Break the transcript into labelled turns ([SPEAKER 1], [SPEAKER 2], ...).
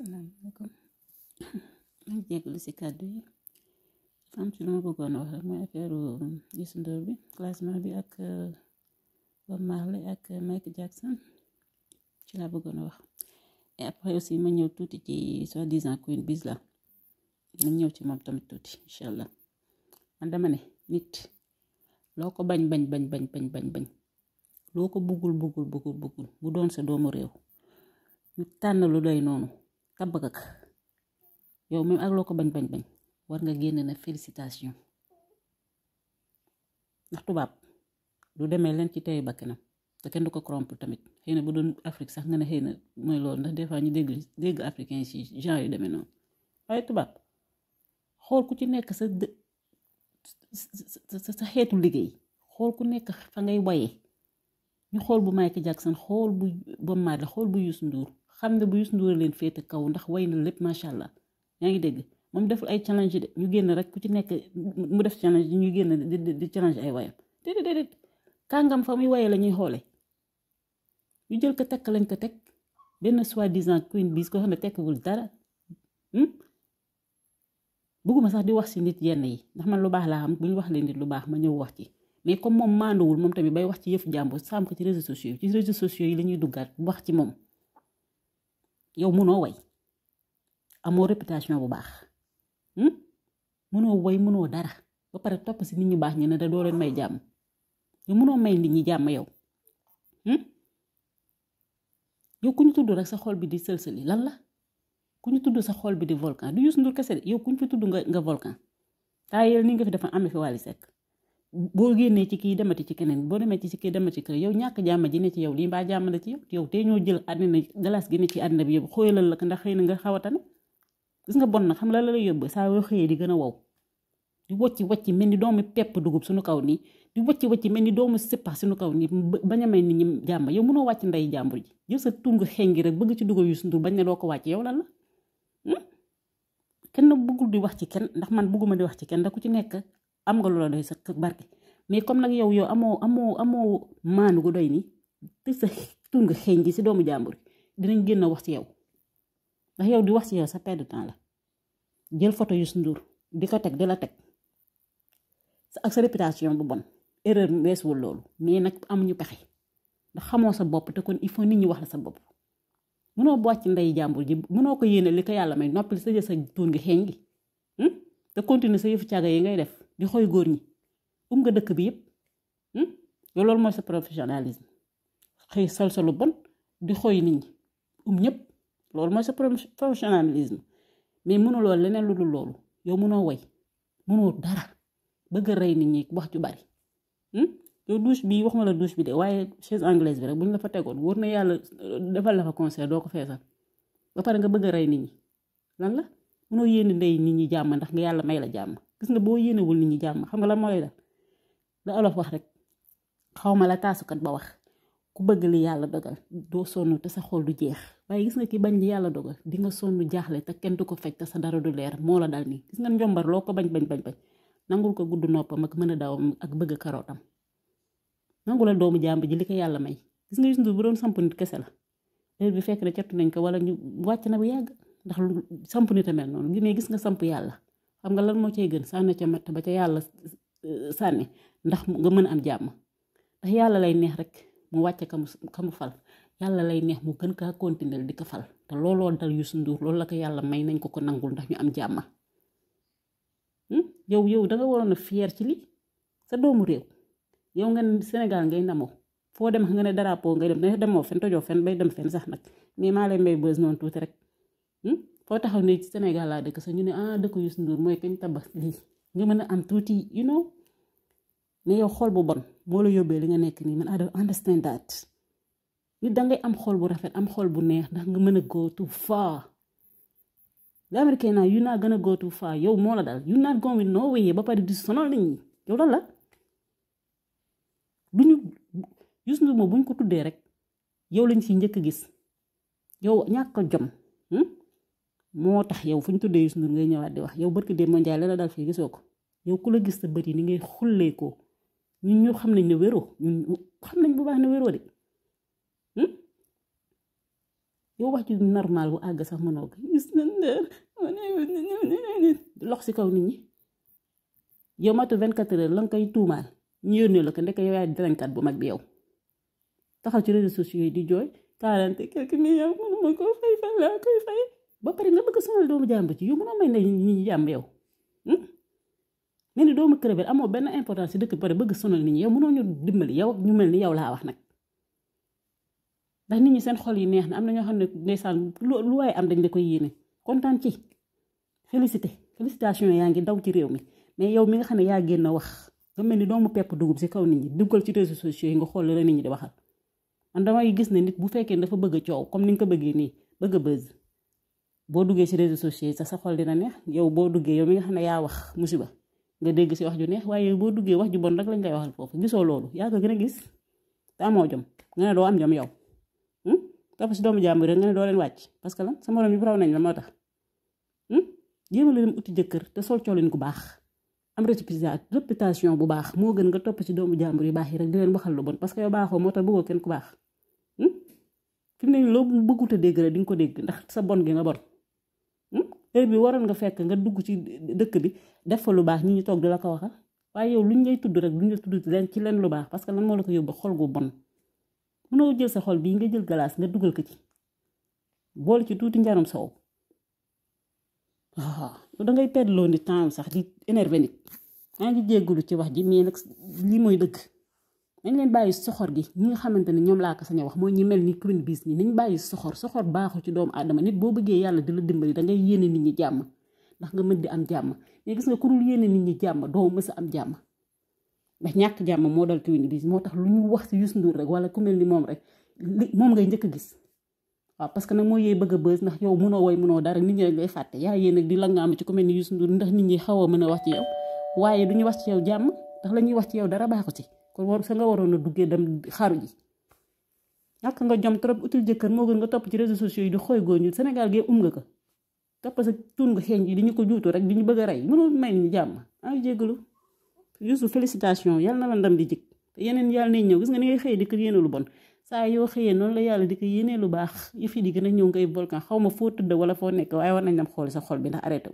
[SPEAKER 1] salaamaaleykum maa ngi si kàddu yi dafa am ci lu ma bëggoon wax mooy affaire Youssou Ndour bi classement bi ak euh, Bob Marley ak Michael Jackson ci laa bëggoon wax et après aussi ma ñëw tuuti ci soi-disant Queen Biz la ma ñëw ci moom tamit tuuti incha allah man dama ne nit loo ko bañ bañ bañ bañ bañ bañ bañ loo ko buggul buggul buggul buggul bu doon sa doomu réew ñu tànn lu doy noonu. ka bëgg yow même ak loo ko bañ bañ bañ war nga génn na félicitation ndax tubaab du demee leen ci teyu bakkanam te kenn du ko corrompre tamit xëy na bu doon Afrique sax nga ne xëy na mooy loolu ndax des fois ñu dégg dégg africain ci genre yu demee noonu waaye tubaab xool ku ci nekk sa sa sa xeetu liggéey xool ku nekk fa ngay waye ñu xool bu Michael Jackson xool bu Bob Marley xool bu Youssou nduur xam ne bu Youssou Ndour leen féete kaw ndax way na lépp macha allah yaa ngi dégg moom deful ay challenge de ñu génn rek ku ci nekk mu def challenge ñu génn di di challenge ay wayam déedéet déedéet kàngam fa muy waye la ñuy xoole ñu jël ko tekk lañ ko teg benn soi-disant queen bis koo xam ne tekkiwul dara hmm? bëgguma sax di wax ci nit yenn yi ndax man lu baax laa xam bu ñu wax leen nit lu baax ma ñëw wax ci mais comme moom maanduwul moom tamit bay wax ci yëfu jàmbur saam ko ci réseaux sociaux yi ci yi la ñuy duggaat wax ci moom yow mënoo woy amoo réputation bu baax mënoo hmm? woy mënoo dara ba pare topp si nit ñu baax ñu ne da doo leen may jàmm yow mënoo may nit ñi jàmm yow hmm? yow ku ñu tudd rek sa xool bi di sël sëlsëli lan la ku ñu tudd sa xool bi di volcan du Youssou Ndour kese de yow ku ñu fi tudd nga nga volcan taayel nii nga fi dafa amee fi Wally Seck boo génnee ci kii demati ci keneen boo demee ci kii demati ci keneen yow ñàkk jàmm ji ne ci yow lii mbaa jàmm na ci yow yow te ñoo jël àddina galas gi ne ci àddina bi yëpp xóoyalal la ko ndax xëy na nga a tane na xam la la lay yóbbu saa xëyee di gën a wow di wacci wacci mel ni doomu pepp dugub suñu kaw nii di wacci wacci mel ni doomu sippa suñu kaw nii bañ a may nit yow mënoo wàcc ndey jàmbur ji yow sa tungu xengi rek ci dugal yu sundur bañ ne doo ko wàcc yow lan la hmm? kenn bëggul di wax ci kenn ndax man bëgguma di wax ci kenn da ku ci nekk am nga loola day sa barke mais comme nag yow yow amoo amoo amoo maanu gu doy nii te sa tur nga xeeñ gi si doomu jàmbur dinañ génn wax si yow ndax yow di wax si yow sa perte de temps la jël photo yu sundur di ko teg di la teg ak sa réputation bu bon erreur weesuwul loolu mais nag amuñu pexe ndax xamoo sa bopp te kon il faut nit ñi wax la sa bopp mënoo bocc ndey jàmbur ji mënoo ko yéene li ko yàlla may noppali sa jël sa tuur nga xeeñ gi hmm? te continuer sa yëfu caaga yi ngay def. di xooy góor ñi um nga dëkk bi yëpp hmm? yow loolu mooy sa professionnalisme xëy sal sa lu bon di xooy nit ñi um ñëpp loolu mooy sa professionnalisme mais mënuloo leneen lu dul loolu yow mënoo woy mënoo dara bëgg a rey nit ñi wax ju bari hmm? yow douche bi wax ma la douche bi waaye chaise anglaise bi rek bu ñu la fa tegoon wóor na yàlla euh, defal la fa concert doo ko feesal ba pare nga bëgg a rey nit ñi lan la mënoo yéene ndey nit ñi jàmm ndax nga yàlla may la jàmm gis nga boo yéenewul ni ñu jàmm xam nga lan mooy la la olof wax rek xaw ma la taasukat ba wax ku bëgg li yàlla dogal doo sonn sa xol du jeex waaye gis nga ki bañ li yàlla dogal di nga sonn jaaxle te kenn du ko faj te sa dara du leer moo la dal nii gis nga njombar loo ko bañ bañ bañ bañ nangul ko gudd noppam ak mën a dawam ak bëgg karootam nangu la doomu jàmb ji li ko yàlla may gis nga Youssou Ndour bu doon samp kese la léegi bi fekk na catu nañ ko wala ñu wàcc na bu yàgg ndax samp nit a mel noonu mais gis nga samp yàlla xam nga lan moo cay gën sànni ca matt ba ca yàlla sànni ndax nga mën am jàmm ndax yàlla lay neex rek mu wàcce kamu kamu fal yàlla lay neex mu gën kaa continuer di ko fal te looloo dal Youssou Ndour loolu la ko yàlla may nañ ko ko nangul ndax ñu am jàmma hmm? yow yow da waroon a fier ci li sa doomu réew yow nga ne Sénégal ngay namoo foo dem nga ne drapeau ngay dem dañuy demoo fen tojoo fen bay dem fen sax nag mais maa lay mbay bës noonu tuuti rek hmm? foo taxaw ne ci Sénégal laa dëkk sax ñu ne ah dëkk Youssou Ndour mooy kañ tabax lii nga mën a am tuuti you know ne yow xool bu bon moo la yóbbee li nga nekk nii man I don't understand that nit da am xool bu rafet am xool bu neex ndax nga mën a go too far le américain naa you not gonna go yow moo la dal you not going nowhere ba pare di sonal nit ñi yow lan la bu ñu Youssou Ndour moom bu ñu ko tuddee rek yow lañ ci njëkk gis yow ñàkk jom. Hmm? moo tax yow fu ñu tuddee Youssou Ndour ngay ñëwaat di wax yow barki démb Ndiaye la la daal fii gisoo ko yow ku la gis sa bët yi ni ngay xullee ko ñun ñu xam nañ ne wéroo ñun xam nañ bu baax ne wéroo de hmm? yow wax ju normal bu àgg sax mënoo ko gis nañ lox si kaw nit ñi yow matu vint heures la nga koy tuumaal ñu yónnee la ko ndeke yow yaay darañkat bu mag bi yow taxaw ci réseaux sociaux yi di jooy quarante quelques millions mënuma koo fay fan laa koy fay ba pare nga bëgg sonal doomu jàmbur ci yow mënoo may ne nit ñi jàmb yow hmm? nga ni doomu crever amoo benn importance ci dëkk bi pare bëgg sonal nit ñi yow mënoo ñu dimbali yow ak mel ni yow laa wax nag ndax nit ñi seen xol yi neex na am na ñoo xam ne ndeysaan lu waaye am dañ la koy yéene kontaan ci félicité félicitation yaa ngi daw ci réew mi mais yow mi nga xam ne yaa génn wax nga mel ni doomu pepp dugub si kaw nit ñi duggal ci réseaux sociaux yi nga xool la nit ñi di waxal man damay gis ne nit bu fekkee dafa bëgg coow comme ni nga ko bëggee nii bëgg a boo duggee ci réseaux sociaux yi sa xol dina neex yow boo duggee yow mi nga xam ne yaa wax musiba nga dégg ci wax ju neex waaye boo duggee wax ju bon rek lañ lay waxal foofu gisoo loolu yaa ko gën a gis te amoo jom nga ne doo am jom yow. dafa hmm? ci doomu jàmbur rek doo leen wàcc parce que lan sa morom yi raw hmm? leen uti jëkkër te sol coolin ku baax am réputation bu baax moo gën nga topp ci doomu jàmbur yu baax yi rek di leen waxal lu bon parce que baaxoo moo tax bëggoo kenn ku baax hmm? fi mu ne loo bëggut a dégg rek di nga ko dégg ndax sa bon gi nga bon. heure bi waroon nga fekk nga dugg ci dëkk bi def fa lu baax ñi ñu toog di la ko waxa ah. waaye yow lu luñ lay tudd rek luñ la tudd leen ci leen lu baax parce que lan moo la ko yóbbu xol gu bon mënoo jël sa xol bii nga jël galaas nga dugal ko ci boole ci tuuti njaram sow waaw ah, dangay perdre loo ni temps sax di énervé nit maa ngi jéggulu ci wax ji mais nag lii mooy dëgg nañ leen bàyyi soxor gi ñi nga xamante ne ñoom laa ko sañ a wax mooy ñi mel ni clean bis ñi nañ bàyyi soxor soxor baaxu ci doomu aadama nit boo bëggee yàlla di la dimbali da ngay yéene nit ñi jàmm ndax nga mën di am jàmm gis nga ku dul yéene nit ñi jàmm doo am jàmm ndax ñàkk jàmm moo dal clean bis moo tax lu ñu wax si Youssou Ndour wala ku mel moom rek li moom ngay njëkk a gis waaw parce moo yee bëgg a bës ndax yow munoo woy munoo dara nit ñi rek yaa yéen nag di langaam ci ku mel ni Youssou Ndour ndax nit ñi xaw a mën a wax ci yow waaye duñu wax ci yow jàmm ndax la ñuy wax ci yow dara baaxu ci kon war sa nga waroon a duggee dem xaru ji ñàkk nga jom trop util jëkkër moo gën nga topp ci réseaux sociaux yi di xooy góor ñu Sénégal gee um nga ko topp sa tuun nga xeeñ ji di ñu ko juutu rek di ñu bëgg a rey mënul may ñu jàmm ah jéggalu juste félicitation yàlla na la ndam di jik te yeneen yàlla nañ ñëw gis nga ni ngay xëyee di ko yéene lu bon saa yoo xëyee noonu la yàlla di ko yéene lu baax yëf yi di gën a ñëw ngay volcan xaw ma foo tëdd wala foo nekk waaye war nañ dem xool sa xol bi ndax arrêté